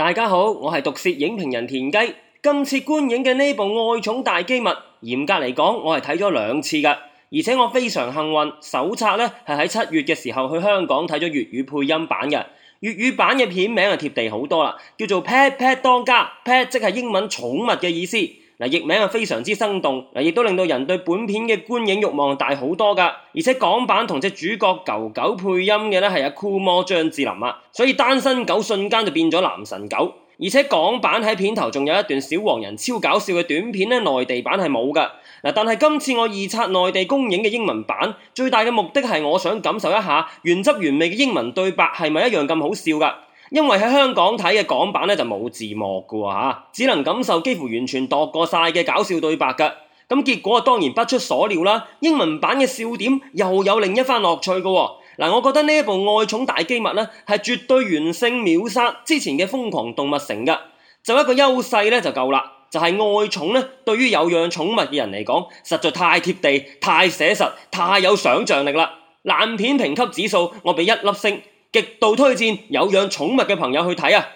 大家好，我係毒舌影評人田雞。今次觀影嘅呢部《愛寵大機密》，嚴格嚟講，我係睇咗兩次噶，而且我非常幸運，首冊呢係喺七月嘅時候去香港睇咗粵語配音版嘅。粵語版嘅片名就貼地好多啦，叫做 et, Pet Pet 當家，Pet 即係英文寵物嘅意思。嗱，譯名啊，非常之生動，嗱，亦都令到人對本片嘅觀影慾望大好多㗎。而且港版同隻主角狗狗配音嘅呢係阿酷魔張智霖啊，所以單身狗瞬間就變咗男神狗。而且港版喺片頭仲有一段小黃人超搞笑嘅短片呢，內地版係冇㗎。嗱，但係今次我二刷內地公映嘅英文版，最大嘅目的係我想感受一下原汁原味嘅英文對白係咪一樣咁好笑㗎。因為喺香港睇嘅港版咧就冇字幕嘅喎、啊、只能感受幾乎完全度過曬嘅搞笑對白嘅。咁、啊、結果當然不出所料啦，英文版嘅笑點又有另一番樂趣嘅。嗱、啊，我覺得呢部《愛寵大機密》呢，係絕對完勝秒殺之前嘅《瘋狂動物城》嘅。就一個優勢咧就夠啦，就係、就是、愛寵呢。對於有養寵物嘅人嚟講實在太貼地、太寫實、太有想像力啦。爛片評級指數我俾一粒星。極度推薦有養寵物嘅朋友去睇啊！